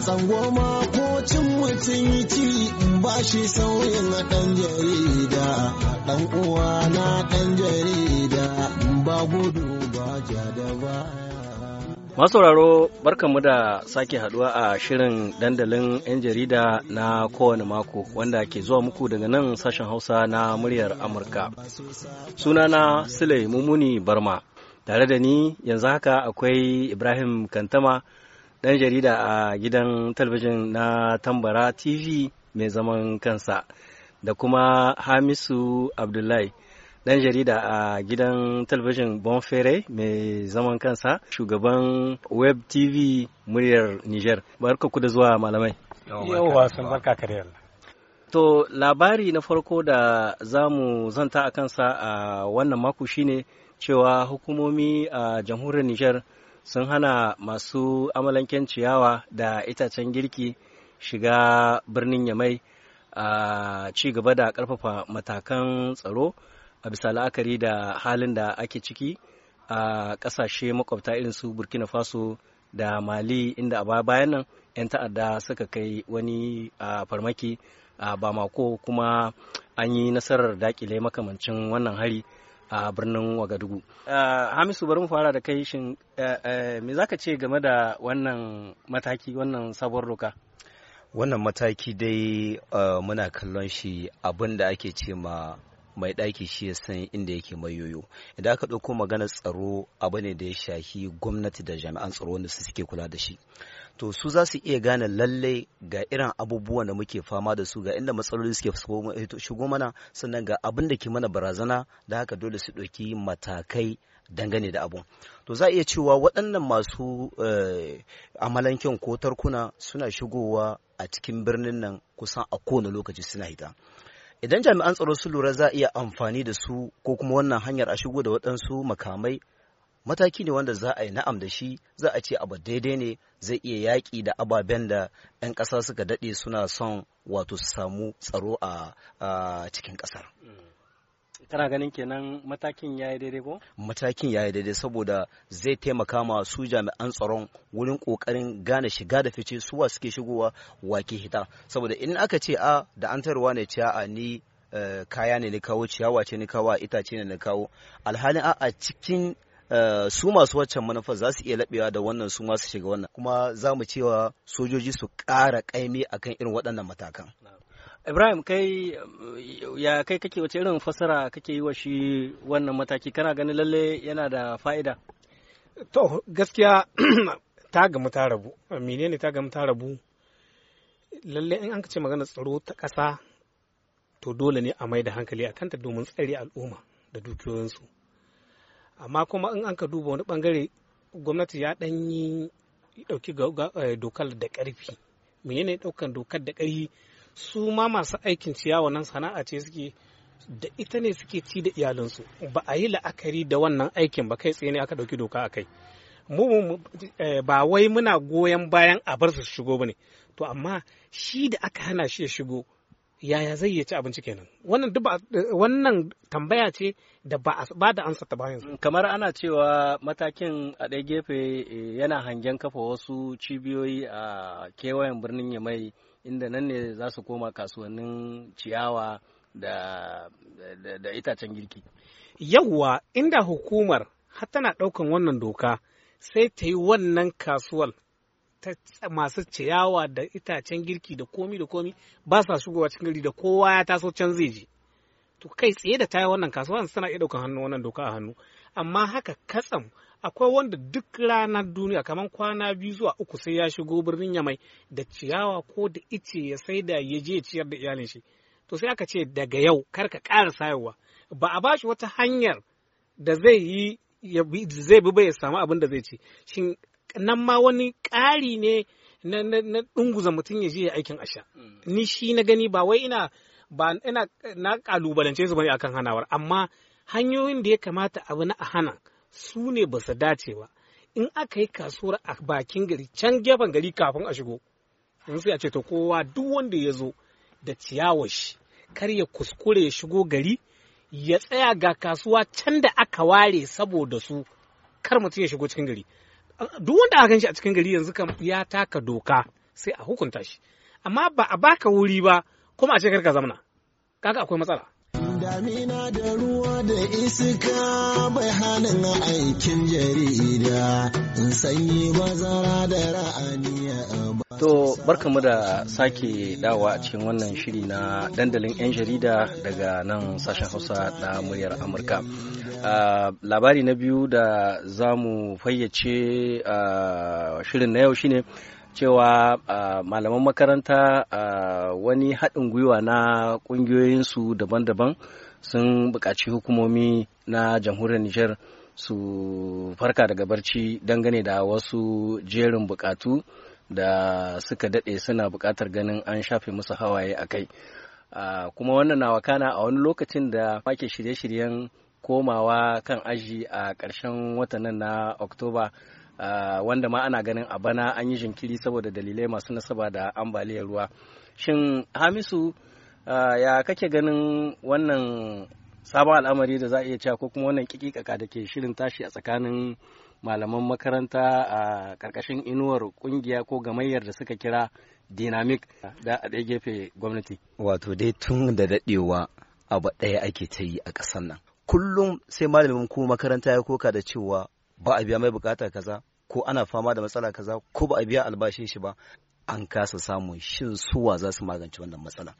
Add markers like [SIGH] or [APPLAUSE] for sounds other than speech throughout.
goma ko cin mutum ci ba shi sauyin na ɗan jarida ɗan uwa na ɗan jarida ba gudu ba jada ba Masu Masauraro barkanmu da sake haduwa a shirin dandalin 'yan jarida na kowane mako wanda ke zuwa muku daga nan sashen Hausa na muryar Amurka. Sunana Sule Mumuni Barma, tare da ni yanzu haka akwai Ibrahim Kantama ɗan jarida a gidan talabijin na tambara tv mai zaman kansa da kuma hamisu abdullahi ɗan jarida a gidan talabijin bonfere mai zaman kansa shugaban web tv muryar niger barka ku da zuwa malamai yawwa sun barka kare to labari na farko da za mu zanta a kansa a wannan mako shine cewa hukumomi a jamhuriyar niger sun hana masu amalanken ciyawa da itacen girki shiga birnin yamai a ci gaba da ƙarfafa matakan tsaro a bisa la'akari da halin da ake ciki a ƙasashe makwabta irin su burkina faso da mali inda a bayan nan 'yan ta'adda suka kai wani farmaki a bamako kuma an yi nasarar dakile makamancin wannan hari a birnin wagadugu eh, hamisu bari mu fara da kai shin eh, eh, me za ka ce game da wannan mataki wannan sabuwar roka wannan mataki dai muna kallon shi abin da ake ce ma mai ɗaki shi ya san inda yake mai yoyo idan aka ɗauko magana tsaro abu ne da ya shahi gwamnati da jami'an tsaro wanda su suke kula da shi to su za su iya gane lalle ga irin abubuwan da muke fama da su ga inda matsaloli suke eh, shigo mana sannan ga abin da ke mana barazana da haka dole su ɗauki matakai dangane da abu. to za a iya cewa waɗannan masu eh, amalankin ko tarkuna suna shigowa a cikin birnin nan kusan a kowane lokaci suna hita idan jami'an tsaro su lura za a iya amfani da su ko kuma wannan hanyar a shigo da waɗansu makamai mataki ne wanda za a yi na'am da shi za a ce abu daidai ne zai iya yaƙi da ababen da 'yan ƙasa suka daɗe suna son wato su samu tsaro a cikin ƙasar. Mm. kana ganin kenan matakin ya yi daidai ko? matakin ya yi daidai saboda zai taimaka ma su jami'an tsaron wurin kokarin gane shiga da fice suwa suke shigowa wake hita saboda in aka ce a da an tarwa ne ciya a ni eh, kaya ne ni kawo ciyawa ce ni kawo itace ne ni kawo alhalin a cikin Eh, su masu waccan manufa za su iya laɓewa da wannan su masu shiga wannan kuma za mu cewa sojoji su ƙara ƙaimi akan irin waɗannan matakan. Ibrahim kai ya kai kake wace irin fasara kake yi wa shi wannan mataki kana ganin lalle yana da fa'ida? To gaskiya [CLEARS THROAT] ta gamu ta rabu menene ta gamu ta rabu lalle in an ce magana tsaro ta ƙasa to dole ne a mai da hankali a kanta domin tsare al'umma da dukiyoyinsu amma kuma in an ka duba wani bangare gwamnati ya dan yi dauki eh, dokar da karfi menene daukan dokar da karfi su ma masu aikin ciyawa nan sana'a ce suke da ita ne suke ci da iyalinsu ba a yi la'akari da wannan aikin ba kai tsaye ne aka dauki doka a kai mu eh, ba wai muna goyon bayan a bar su shigo ba ne to amma shi da aka hana shi ya shigo yaya zai iya ci abinci kenan wannan duk wannan tambaya ce da ba ba da ansa ta bayan kamar ana cewa matakin a ɗaya gefe eh, yana hangen kafa wasu cibiyoyi a kewayen birnin yamai inda nan ne za su koma kasuwannin ciyawa da, da, itacen girki Yauwa inda hukumar har tana ɗaukan wannan doka sai ta yi wannan kasuwar masu ciyawa da itacen girki da komi da komi ba sa shigowa cikin gari da kowa ya taso can zai je to kai tsaye da tayi wannan kasuwa suna iya ɗaukan hannu wannan doka a hannu amma haka katsam akwai wanda duk ranar duniya kamar kwana biyu zuwa uku sai ya shigo birnin yamai da ciyawa ko da ice ya sai da ya je ciyar da iyalin shi to sai aka ce daga yau kar ka ƙara sayarwa ba a bashi wata hanyar da zai yi zai bi bai samu abin da zai ci shin nan ma wani ƙari ne na na mutum ya je ya aikin asha mm. ni shi na gani ba wai ina ba ina na kalubalance su bane akan hanawar amma hanyoyin da ya kamata abu na a hana su ne ba su dace ba in aka yi kasuwar a bakin gari can gefen gari kafin a shigo in sai a ce to kowa duk wanda ya zo da ciyawar shi kar ya kuskure ya shigo gari ya tsaya ga kasuwa can da aka ware saboda su kar mutum ya shigo cikin gari duk wanda aka shi a cikin gari yanzu kam ya taka doka sai a hukunta shi amma ba a baka wuri ba kuma a ce ka zamana kaga akwai matsala damina da ruwa da iska bai hannun aikin jarida in sanyi bazara da ra'aniya To barkamu da sake dawa a cikin wannan shiri na dandalin 'yan jarida daga nan sashen hausa na muryar amurka uh, labari na biyu da za mu fayyace uh, shirin na yau shine ne cewa malaman makaranta wani haɗin gwiwa na ƙungiyoyinsu daban-daban sun buƙaci hukumomi na jamhuriyar Nijar su farka daga barci dangane da wasu jerin buƙatu da suka daɗe suna buƙatar ganin an shafe musu hawaye a kai. Kuma wannan na wakana a wani lokacin da ake shirye-shiryen komawa kan aji a ƙarshen watan na Oktoba. Ah, wanda ma ana ganin a bana an yi jinkiri saboda dalilai masu nasaba da ambaliyar ruwa shin hamisu ah, ya kake ganin wannan sabon al'amari da za a iya cewa ko kuma wannan kikikaka da ke shirin tashi a tsakanin malaman makaranta a karkashin inuwar kungiya ko gamayyar da suka kira dynamic da a ɗaya gefe gwamnati wato dai tun da daɗewa abu ɗaya ake ta yi a ƙasar nan kullum sai malamin ko makaranta ya koka da cewa ba a biya mai bukata kaza ko ana fama da matsala kaza ko ba a biya albashin shi ba an kasa samun shin suwa za su magance wannan matsala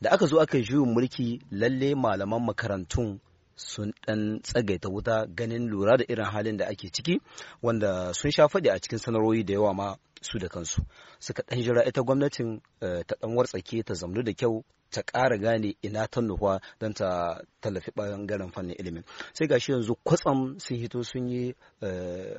da aka zo aka yi juyin mulki lalle malaman makarantun sun ɗan tsagaita wuta ganin lura da irin halin da ake ciki wanda sun sha faɗi a cikin sanarwoyi da yawa ma su da kansu suka ɗan jira ita gwamnatin eh, ta ɗan wartsake ta zamlu da kyau ta ƙara gane ina ta nufa don ta tallafi ɓangaren fannin ilimin sai gashi yanzu kwatsam sun hito sun yi eh,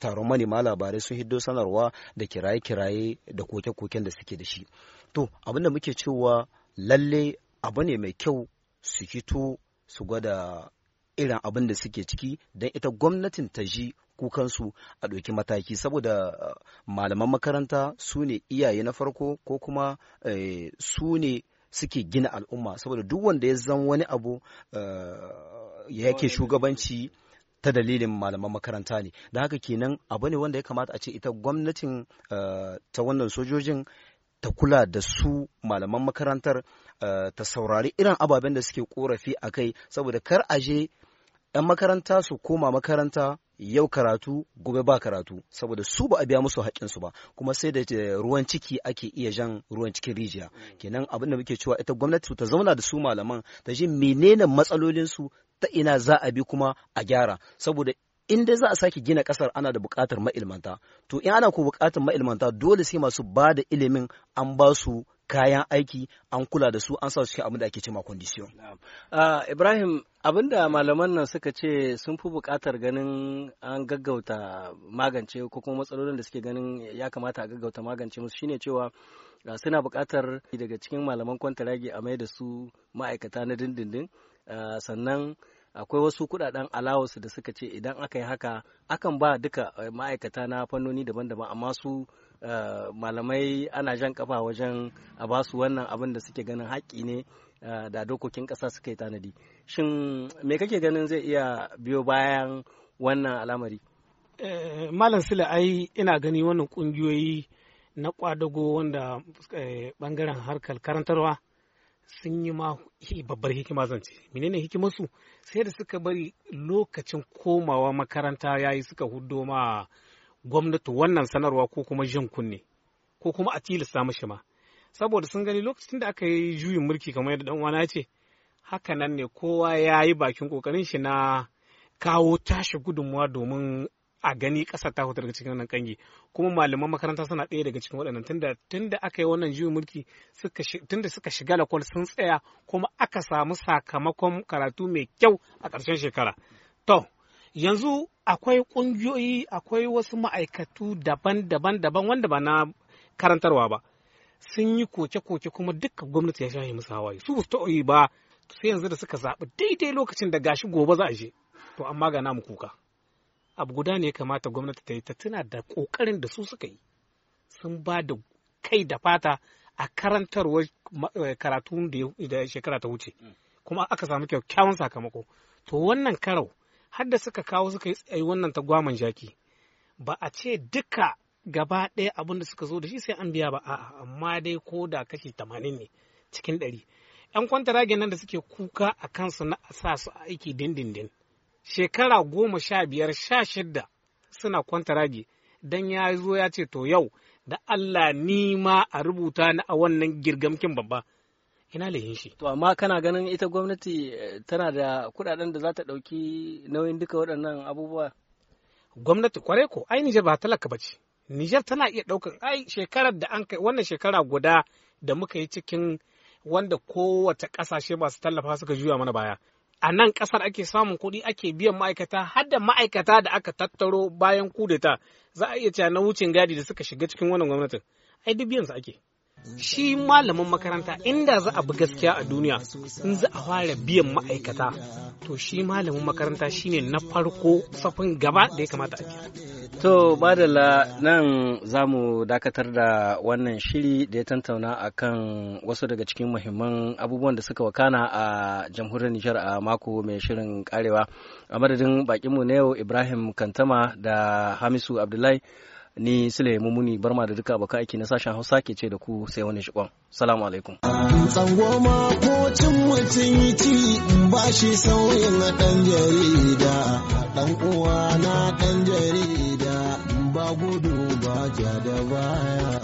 taron manema labarai sun hito sanarwa da kiraye-kiraye da koke-koken da suke da shi to abinda muke cewa lalle abu ne mai kyau su hito su gwada irin abin da suke ciki don ita gwamnatin ta ji kukansu a ɗauki mataki saboda eh, malaman makaranta su ne iyaye na farko ko kuma eh, su ne suke gina al'umma saboda duk wanda ya zan wani abu eh, ya yake shugabanci ta dalilin malaman makaranta ne da haka kenan abu ne wanda ya kamata a ce ita gwamnatin ta wannan sojojin ta kula da su malaman makarantar Eh, ta saurari irin ababen da suke korafi a kai saboda kar a je 'yan makaranta su koma makaranta yau karatu gobe ba karatu saboda su ba a biya musu haƙƙinsu ba kuma sai da eh, ruwan ciki ake iya jan ruwan cikin rijiya mm. kenan abin da muke cewa ita gwamnati ta zauna da su malaman ta ji menene matsalolinsu ta ina za a bi kuma a gyara saboda in dai za a sake gina kasar ana da buƙatar ma'ilmanta to in ana ko buƙatar ma'ilmanta dole sai masu bada ilimin an ba su kayan aiki an kula da su an sa su abin da ake cema condition. Ah, Ibrahim abinda malaman nan suka ce sun fi buƙatar ganin an gaggauta magance ko kuma matsalolin da suke ganin ya kamata a gaggauta magance musu shine cewa ah, suna buƙatar daga cikin malaman kwantaragi a mai da su ma'aikata na dindindin ah, sannan akwai wasu kudaden allowance da suka ce idan aka yi haka akan ba duka eh, ma'aikata na fannoni daban-daban amma su Eh, malamai ana jan kafa wajen a ba su wannan abin da suke ganin haƙƙi ne eh, da dokokin ƙasa suka yi tanadi shin me kake ganin zai iya biyo bayan wannan al'amari eh, malam sila ai ina gani wannan ƙungiyoyi na ƙwadago wanda bangaren harkar karantarwa sun yi ma babbar hikima zance menene hikimarsu sai da suka bari lokacin komawa makaranta yayi suka huddo ma gwamnati wannan sanarwa ko kuma jin kunne ko kuma a tilasta mashi ma saboda sun gani lokacin da aka yi juyin mulki kamar yadda dan uwana ce haka nan ne kowa ya yi bakin kokarin shi na kawo tashi gudunmuwa domin a gani ƙasa ta fita daga cikin wannan kangi kuma malaman makaranta suna ɗaya daga cikin waɗannan tunda tunda aka yi wannan juyin mulki suka tunda suka shiga lakwal sun tsaya kuma aka samu sakamakon karatu mai kyau a ƙarshen shekara to yanzu akwai ƙungiyoyi akwai wasu ma'aikatu daban-daban daban wanda ba na karantarwa ba sun yi koke-koke kuma dukkan gwamnati ya shahi musu hawaye su ba su ba sai yanzu da suka zaɓi daidai lokacin da gashi gobe za a je to amma ga namu kuka abu guda ne ya kamata gwamnati ta yi ta tuna da ƙoƙarin da su suka yi sun ba da kai da fata a karantarwar eh, karatu da shekara ta wuce mm. kuma aka samu kyakkyawan sakamako to wannan karau har da suka kawo suka yi wannan tagwaman jaki ba a ce duka gaba ɗaya abin da suka zo da shi sai an biya ba a'a amma dai ko da kashi tamanin ne cikin ɗari yan kwantaragen nan da suke kuka a kansu na sa su aiki dindindin shekara goma sha biyar sha shidda suna kwantarage dan ya zo ya ce to yau da Allah ni ma a rubuta ni a wannan girgamkin babba ina lahin shi to amma kana ganin ita gwamnati eh, tana da kuɗaɗen da za ta dauki nauyin duka waɗannan abubuwa gwamnati kwarai ko ai Nijar ba talaka ba ce Nijar tana iya ɗaukar ai shekarar da an kai wannan shekara guda da muka yi cikin wanda kowace ƙasashe masu tallafa suka juya mana baya a nan ƙasar ake samun kuɗi ake biyan ma'aikata har da ma'aikata da aka tattaro bayan kudeta za a iya cewa na wucin gadi da suka shiga cikin wannan gwamnatin ai duk biyan su ake shi malamin makaranta inda za a bi gaskiya a duniya in za a fara biyan ma'aikata to shi malamin makaranta shine na farko safin gaba da ya kamata a To badala nan za mu dakatar da wannan shiri da ya tantauna a kan wasu daga cikin muhimman abubuwan da suka wakana a jamhuriyar Nijar a mako mai shirin karewa. A madadin bakinmu na yau Ibrahim Kantama da Hamisu Abdullahi ni sule mumuni barma da duka baka aiki na sashen hausa ke ce da ku sai wani shikon salamu alaikum tsango ma kocin mutum yi ci ba shi sauyin dan jarida dan uwa na dan jarida ba gudu ba ja da baya